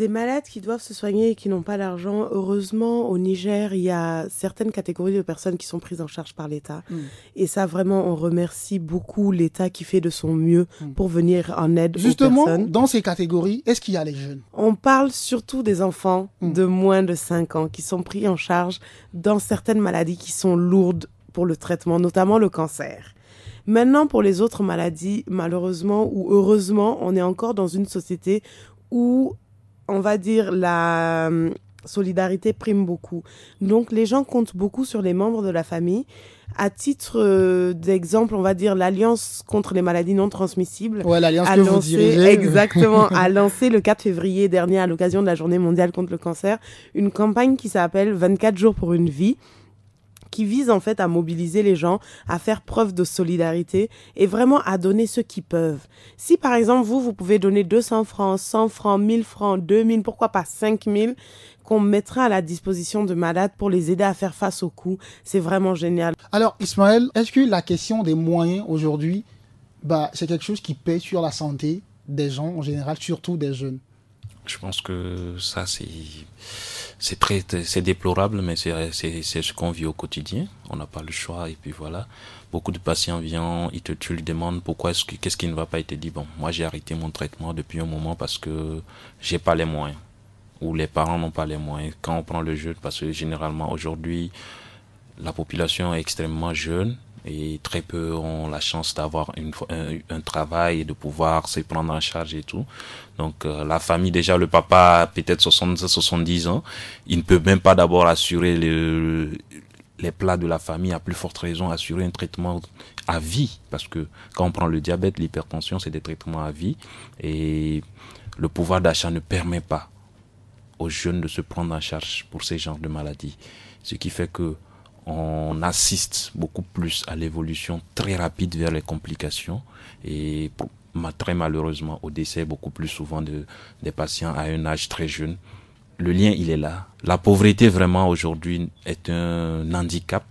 C: Des malades qui doivent se soigner et qui n'ont pas l'argent. Heureusement, au Niger, il y a certaines catégories de personnes qui sont prises en charge par l'État. Mm. Et ça, vraiment, on remercie beaucoup l'État qui fait de son mieux mm. pour venir en aide Justement, aux personnes. dans ces catégories, est-ce qu'il y a les jeunes On parle surtout des enfants mm. de moins de 5 ans qui sont pris en charge dans certaines maladies qui sont lourdes pour le traitement, notamment le cancer. Maintenant, pour les autres maladies, malheureusement ou heureusement, on est encore dans une société où on va dire, la euh, solidarité prime beaucoup. Donc les gens comptent beaucoup sur les membres de la famille. À titre euh, d'exemple, on va dire l'Alliance contre les maladies non transmissibles. l'Alliance que vous dirigez. Exactement, a lancé le 4 février dernier à l'occasion de la Journée mondiale contre le cancer une campagne qui s'appelle 24 jours pour une vie qui vise en fait à mobiliser les gens, à faire preuve de solidarité et vraiment à donner ce qu'ils peuvent. Si par exemple vous, vous pouvez donner 200 francs, 100 francs, 1000 francs, 2000, pourquoi pas 5000, qu'on mettra à la disposition de malades pour les aider à faire face aux coûts. C'est vraiment génial. Alors Ismaël, est-ce que la question des moyens aujourd'hui,
A: bah, c'est quelque chose qui pèse sur la santé des gens en général, surtout des jeunes
B: Je pense que ça c'est c'est très, c'est déplorable, mais c'est, c'est, c'est ce qu'on vit au quotidien. On n'a pas le choix, et puis voilà. Beaucoup de patients viennent, ils te, tu leur demandes pourquoi est-ce que, qu'est-ce qui ne va pas, été dit, bon, moi j'ai arrêté mon traitement depuis un moment parce que j'ai pas les moyens. Ou les parents n'ont pas les moyens. Quand on prend le jeu, parce que généralement aujourd'hui, la population est extrêmement jeune, et très peu ont la chance d'avoir un, euh, un, travail et de pouvoir se prendre en charge et tout. Donc euh, la famille, déjà le papa a peut-être 70 ans, il ne peut même pas d'abord assurer le, les plats de la famille, à plus forte raison assurer un traitement à vie, parce que quand on prend le diabète, l'hypertension, c'est des traitements à vie, et le pouvoir d'achat ne permet pas aux jeunes de se prendre en charge pour ces genres de maladies. Ce qui fait que on assiste beaucoup plus à l'évolution très rapide vers les complications et très malheureusement au décès beaucoup plus souvent de, des patients à un âge très jeune. Le lien, il est là. La pauvreté vraiment aujourd'hui est un handicap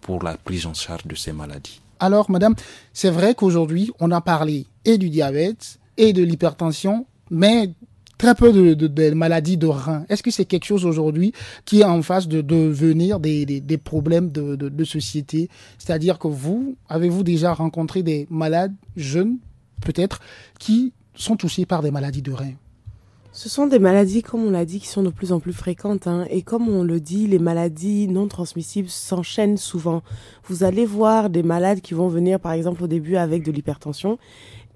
B: pour la prise en charge de ces maladies.
A: Alors, madame, c'est vrai qu'aujourd'hui, on a parlé et du diabète et de l'hypertension, mais très peu de, maladies de reins. Est-ce que c'est quelque chose aujourd'hui qui est en face de devenir des, des, problèmes de, de société C'est-à-dire que vous, avez-vous déjà rencontré des malades
C: jeunes, peut-être, qui sont touchés par des maladies de reins ce sont des maladies, comme on l'a dit, qui sont de plus en plus fréquentes. Hein. Et comme on le dit, les maladies non transmissibles s'enchaînent souvent. Vous allez voir des malades qui vont venir, par exemple, au début avec de l'hypertension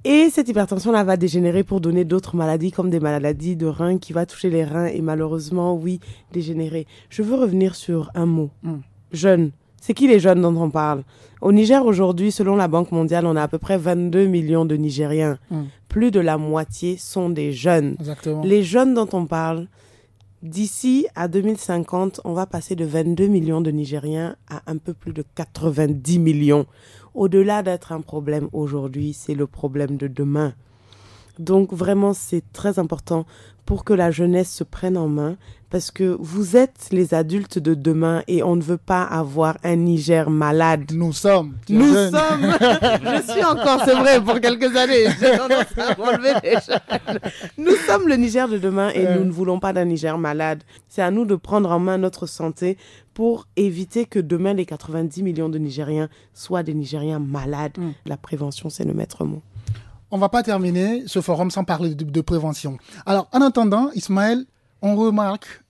C: et cette hypertension-là va dégénérer pour donner d'autres maladies, comme des maladies de reins qui va toucher les reins et malheureusement, oui, dégénérer. Je veux revenir sur un mot. Mm. Jeunes. C'est qui les jeunes dont on parle Au Niger aujourd'hui, selon la Banque mondiale, on a à peu près 22 millions de Nigériens. Mm. Plus de la moitié sont des jeunes. Les jeunes dont on parle, d'ici à 2050, on va passer de 22 millions de Nigériens à un peu plus de 90 millions au-delà d'être un problème aujourd'hui, c'est le problème de demain. Donc vraiment, c'est très important pour que la jeunesse se prenne en main parce que vous êtes les adultes de demain et on ne veut pas avoir un Niger malade. Nous sommes. Nous sommes. Je suis encore, c'est vrai, pour quelques années. Nous sommes le Niger de demain et nous ne voulons pas d'un Niger malade. C'est à nous de prendre en main notre santé pour éviter que demain les 90 millions de Nigériens soient des Nigériens malades. Mm. La prévention, c'est le maître mot.
A: On va pas terminer ce forum sans parler de, prévention. Alors, en attendant, Ismaël, on remarque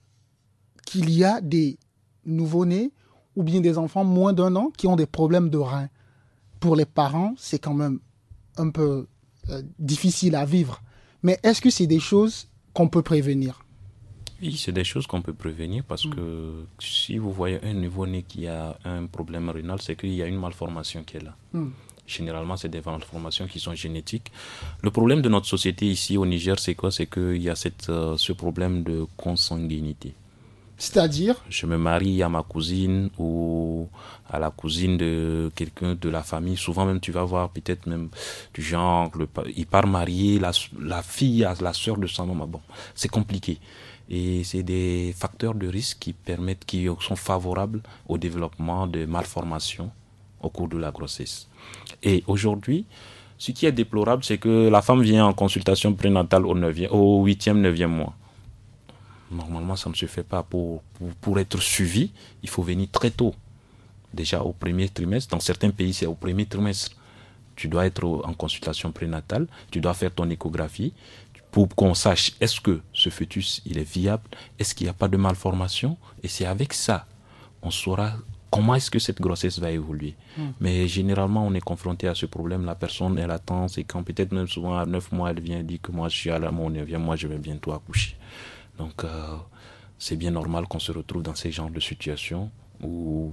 A: qu'il y a des nouveau-nés ou bien des enfants moins d'un an qui ont des problèmes de reins. Pour les parents, c'est quand même un peu euh, difficile à vivre. Mais est-ce que c'est des choses qu'on peut prévenir
B: oui, c'est des choses qu'on peut prévenir parce que si vous voyez un nouveau-né qui a un problème rénal, c'est qu'il y a une malformation qui est là. Hmm. Généralement, c'est des malformations qui sont génétiques. Le problème de notre société ici au Niger, c'est quoi C'est qu'il y a cette, euh, ce problème de consanguinité. C'est-à-dire Je me marie à ma cousine ou à la cousine de quelqu'un de la famille. Souvent même, tu vas voir peut-être même du genre, il part marier la, la fille à la soeur de son homme. Bon, c'est compliqué. Et c'est des facteurs de risque qui permettent, qui sont favorables au développement de malformations au cours de la grossesse. Et aujourd'hui, ce qui est déplorable, c'est que la femme vient en consultation prénatale au, 9e, au 8e, 9e mois. Normalement, ça ne se fait pas. Pour, pour, pour être suivi, il faut venir très tôt. Déjà au premier trimestre. Dans certains pays, c'est au premier trimestre. Tu dois être en consultation prénatale, tu dois faire ton échographie, pour qu'on sache est-ce que ce fœtus il est viable, est-ce qu'il n'y a pas de malformation, et c'est avec ça on saura comment est-ce que cette grossesse va évoluer. Hmm. Mais généralement, on est confronté à ce problème. La personne, elle attend, c'est quand peut-être même souvent à 9 mois, elle vient et dit que moi, je suis à la mon moi, je vais bientôt accoucher. Donc, euh, c'est bien normal qu'on se retrouve dans ces genres de situations où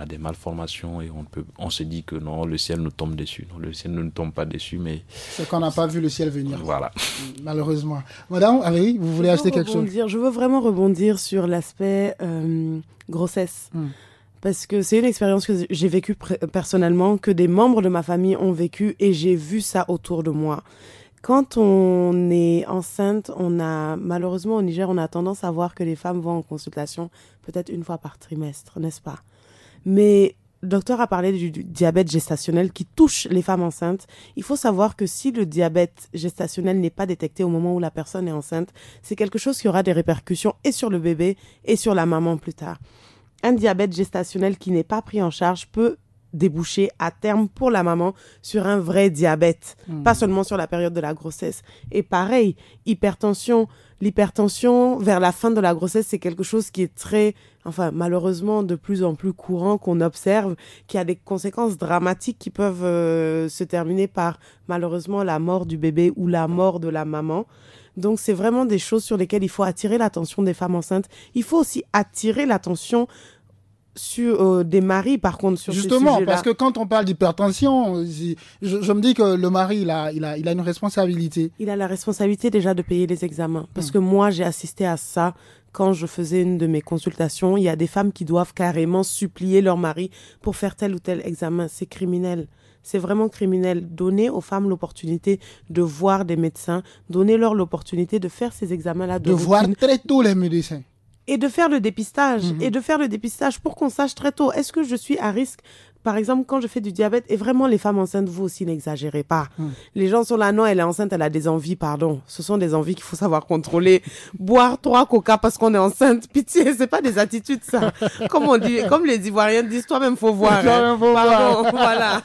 B: a des malformations et on, peut, on se dit que non, le ciel nous tombe dessus. Non, le ciel ne nous tombe pas dessus, mais...
A: C'est qu'on n'a pas vu le ciel venir. Voilà. Mm, malheureusement. Madame, ah vous voulez acheter quelque chose
C: Je veux vraiment rebondir sur l'aspect euh, grossesse. Mm. Parce que c'est une expérience que j'ai vécue personnellement, que des membres de ma famille ont vécu et j'ai vu ça autour de moi quand on est enceinte, on a malheureusement au Niger, on a tendance à voir que les femmes vont en consultation peut-être une fois par trimestre, n'est-ce pas mais docteur a parlé du, diabète gestationnel qui touche les femmes enceintes. Il faut savoir que si le diabète gestationnel n'est pas détecté au moment où la personne est enceinte, c'est quelque chose qui aura des répercussions et sur le bébé et sur la maman plus tard. Un diabète gestationnel qui n'est pas pris en charge peut déboucher à terme pour la maman sur un vrai diabète, hmm. pas seulement sur la période de la grossesse. Et pareil, hypertension, l'hypertension vers la fin de la grossesse, c'est quelque chose qui est très enfin malheureusement de plus en plus courant qu'on observe, qui a des conséquences dramatiques qui peuvent euh, se terminer par malheureusement la mort du bébé ou la mort de la maman. Donc c'est vraiment des choses sur lesquelles il faut attirer l'attention des femmes enceintes. Il faut aussi attirer l'attention sur euh, des maris par contre sur justement parce que quand on parle d'hypertension je, me dis que le mari il a, il a il a une responsabilité il a la responsabilité déjà de payer les examens parce hmm. que moi j'ai assisté à ça quand je faisais une de mes consultations il y a des femmes qui doivent carrément supplier leur mari pour faire tel ou tel examen c'est criminel c'est vraiment criminel. Donner aux femmes l'opportunité de voir des médecins, donner leur l'opportunité de faire ces examens-là. De, de voir très tôt les médecins et de faire le dépistage mhm. et de faire le dépistage pour qu'on sache très tôt est-ce que je suis à risque par exemple, quand je fais du diabète, et vraiment les femmes enceintes, vous aussi n'exagérez pas. Mm. Les gens sont là, non, elle est enceinte, elle a des envies, pardon. Ce sont des envies qu'il faut savoir contrôler. Boire trois coca parce qu'on est enceinte, pitié, c'est pas des attitudes, ça. comme on dit, comme les Ivoiriens disent, toi-même faut voir. même faut hein. pardon, voir. voilà.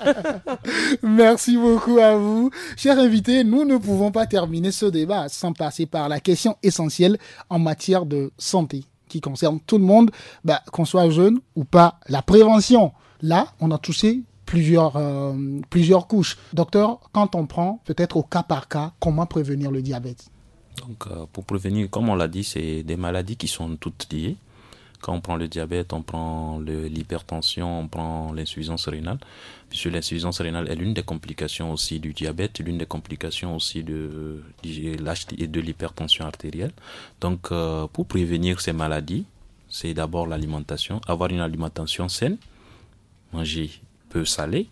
A: Merci beaucoup à vous. Chers invités, nous ne pouvons pas terminer ce débat sans passer par la question essentielle en matière de santé qui concerne tout le monde, bah, qu'on soit jeune ou pas. La prévention, là, on a touché plusieurs, euh, plusieurs couches. Docteur, quand on prend peut-être au cas par cas, comment prévenir le diabète
B: Donc, euh, pour prévenir, comme on l'a dit, c'est des maladies qui sont toutes liées. Quand on prend le diabète, on prend l'hypertension, on prend l'insuffisance rénale l'insuffisance rénale est l'une des complications aussi du diabète, l'une des complications aussi de, de, de l'hypertension artérielle. Donc, euh, pour prévenir ces maladies, c'est d'abord l'alimentation. Avoir une alimentation saine, manger peu salé,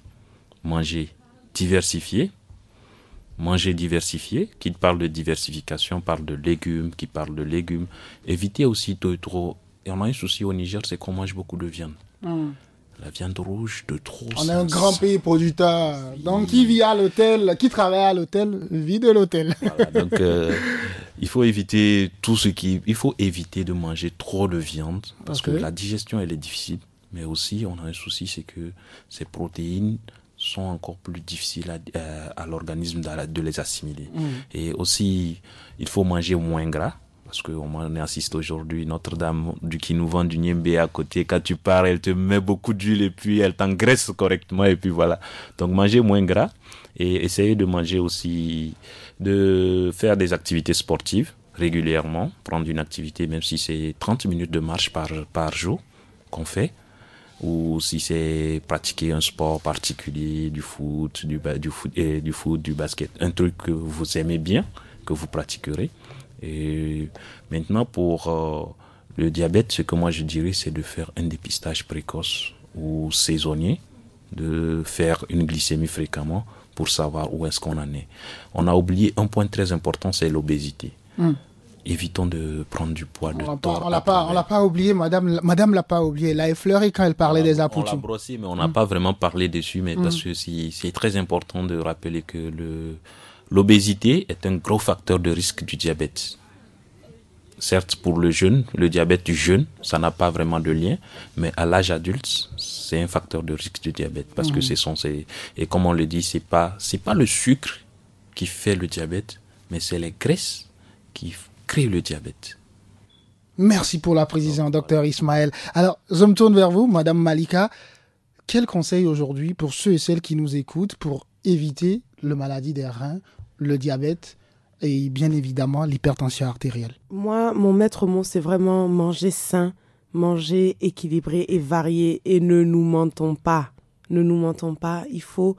B: manger diversifié, manger diversifié, qui parle de diversification, parle de légumes, qui parle de légumes. Éviter aussi de trop. Et on a un souci au Niger, c'est qu'on mange beaucoup de viande. Ah la viande rouge de trop. On est un grand
A: pays producteur. Donc, qui vit à l'hôtel, qui travaille à l'hôtel, vit de l'hôtel. donc, euh,
B: il faut éviter tout ce qui. Il faut éviter de manger trop de viande parce que la digestion, elle est difficile. Mais aussi, on a un souci, c'est que ces protéines sont encore plus difficiles à, euh, l'organisme de les assimiler. Mm. Et aussi, il faut manger moins gras parce qu'on assiste aujourd'hui, Notre-Dame qui nous vend du Niembe à côté, quand tu pars, elle te met beaucoup d'huile et puis elle t'engraisse correctement et puis voilà. Donc manger moins gras et essayer de manger aussi, de faire des activités sportives régulièrement, prendre une activité même si c'est 30 minutes de marche par, par jour qu'on fait ou si c'est pratiquer un sport particulier, du foot, du, du, foot, du foot, du basket, un truc que vous aimez bien, que vous pratiquerez. Et maintenant, pour euh, le diabète, ce que moi je dirais, c'est de faire un dépistage précoce ou saisonnier, de faire une glycémie fréquemment pour savoir où est-ce qu'on en est. On a oublié un point très important, c'est l'obésité. Hum. Évitons de prendre du poids, de on On l'a pas,
A: l'a pas oublié, madame, madame l'a pas oublié. Elle a effleuré quand elle parlait des apports. On
B: l'a mais on n'a hum. pas vraiment parlé dessus, mais parce hum. que c'est très important de rappeler que le, L'obésité est un gros facteur de risque du diabète. Certes, pour le jeune, le diabète du jeune, ça n'a pas vraiment de lien, mais à l'âge adulte, c'est un facteur de risque du diabète parce que mm. c'est son, et comme on le dit, c'est pas, c'est pas le sucre qui fait le diabète, mais c'est les graisses qui créent le diabète.
A: Merci pour la précision, docteur Ismaël. Alors, je me tourne vers vous, madame Malika. Quel conseil aujourd'hui pour ceux et celles qui nous écoutent pour éviter le maladie des reins le diabète et bien évidemment l'hypertension artérielle.
C: Moi, mon maître mot, c'est vraiment manger sain, manger équilibré et varié et ne nous mentons pas. Ne nous mentons pas, il faut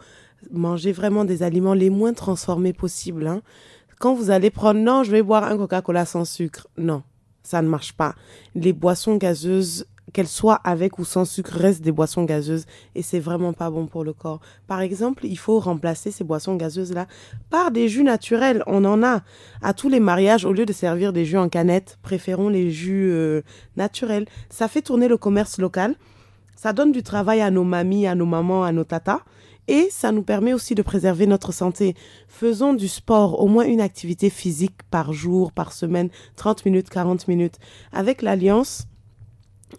C: manger vraiment des aliments les moins transformés possibles. Hein. Quand vous allez prendre, non, je vais boire un Coca-Cola sans sucre, non, ça ne marche pas. Les boissons gazeuses qu'elles soient avec ou sans sucre, restent des boissons gazeuses et c'est vraiment pas bon pour le corps. Par exemple, il faut remplacer ces boissons gazeuses-là par des jus naturels. On en a. À tous les mariages, au lieu de servir des jus en canette, préférons les jus euh, naturels. Ça fait tourner le commerce local. Ça donne du travail à nos mamies, à nos mamans, à nos tatas. Et ça nous permet aussi de préserver notre santé. Faisons du sport, au moins une activité physique par jour, par semaine, 30 minutes, 40 minutes. Avec l'Alliance,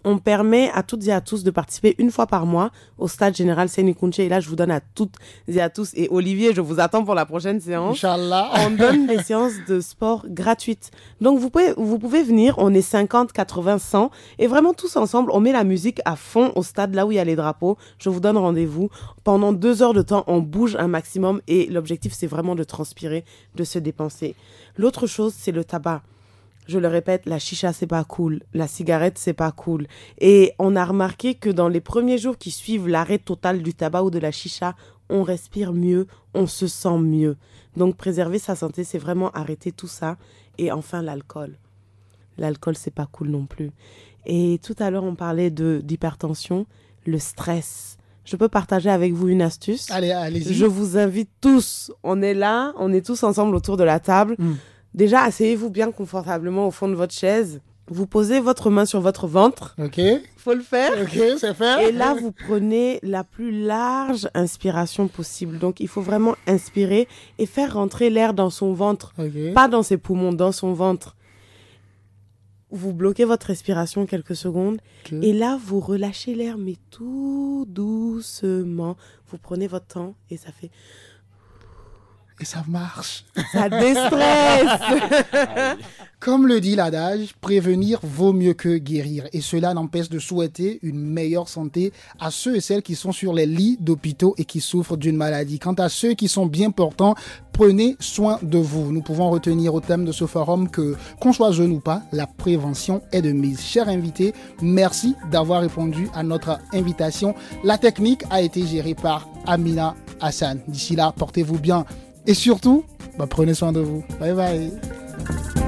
C: on permet à toutes et à tous de participer une fois par mois au stade général Senikunche Et là, je vous donne à toutes et à tous. Et Olivier, je vous attends pour la prochaine séance. Inch'Allah. On donne des séances de sport gratuites. Donc, vous pouvez, vous pouvez venir. On est 50, 80, 100. Et vraiment, tous ensemble, on met la musique à fond au stade, là où il y a les drapeaux. Je vous donne rendez-vous. Pendant deux heures de temps, on bouge un maximum. Et l'objectif, c'est vraiment de transpirer, de se dépenser. L'autre chose, c'est le tabac je le répète, la chicha c'est pas cool, la cigarette c'est pas cool. Et on a remarqué que dans les premiers jours qui suivent l'arrêt total du tabac ou de la chicha, on respire mieux, on se sent mieux. Donc préserver sa santé, c'est vraiment arrêter tout ça. Et enfin l'alcool. L'alcool c'est pas cool non plus. Et tout à l'heure on parlait de d'hypertension, le stress. Je peux partager avec vous une astuce. Allez, allez-y. Je vous invite tous. On est là, on est tous ensemble autour de la table. Hmm. Déjà, asseyez-vous bien confortablement au fond de votre chaise. Vous posez votre main sur votre ventre. Ok.
B: Faut le faire. Ok, c'est
C: fait. Et là, vous prenez la plus large inspiration possible. Donc, il faut vraiment inspirer et faire rentrer l'air dans son ventre. Pas dans ses poumons, dans son ventre. Vous bloquez votre respiration quelques secondes. Et là, vous relâchez l'air, mais tout doucement. Vous prenez votre temps et ça fait et ça marche. Ça déstresse. Comme le dit l'adage,
A: prévenir vaut mieux que guérir. Et cela n'empêche de souhaiter une meilleure santé à ceux et celles qui sont sur les lits d'hôpitaux et qui souffrent d'une maladie. Quant à ceux qui sont bien portants, prenez soin de vous. Nous pouvons retenir au thème de ce forum que, qu'on soit jeune ou pas, la prévention est de mise. Chers invités, merci d'avoir répondu à notre invitation. La technique a été gérée par Amina Hassan. D'ici là, portez-vous bien. Et surtout, bah, prenez soin de vous. Bye bye.